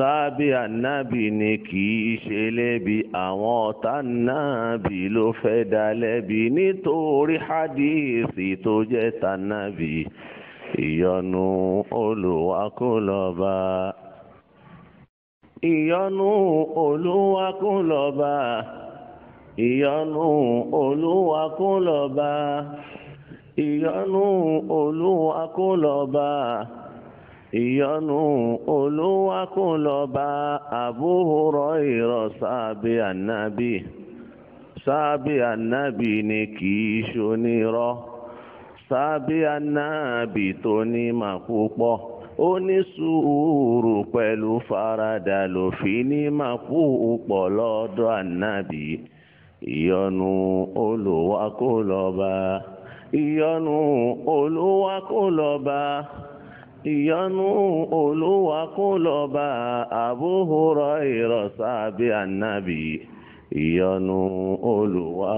sábì ànábì ni kì í ṣe lẹ́bi àwọn ọ̀tá náàbì ló fẹ́ dá lẹ́bi nítorí hádìsì tó jẹ́ tànábì ìyọnu Olúwa kó lọ bá ìyọnu Olúwa ìyọnu Olúwa ìyọnu Olúwa ìyọnu olúwa kò lọ bá Abu Hurairah sábì ànábì sábì ànábì ni kì í ṣonírọ́ sábì ànábì tó ní màpúpọ̀ ó ní sùúrù pẹ̀lú faradà lòfin ní màpúpọ̀ lọ́dọ̀ ànábì ìyọnu olúwa kò lọ bá ìyọnu olúwa kò ìyọnu olúwa kó lọ bá Abu Hurairah sábẹ́ ànábì ìyọnu olúwa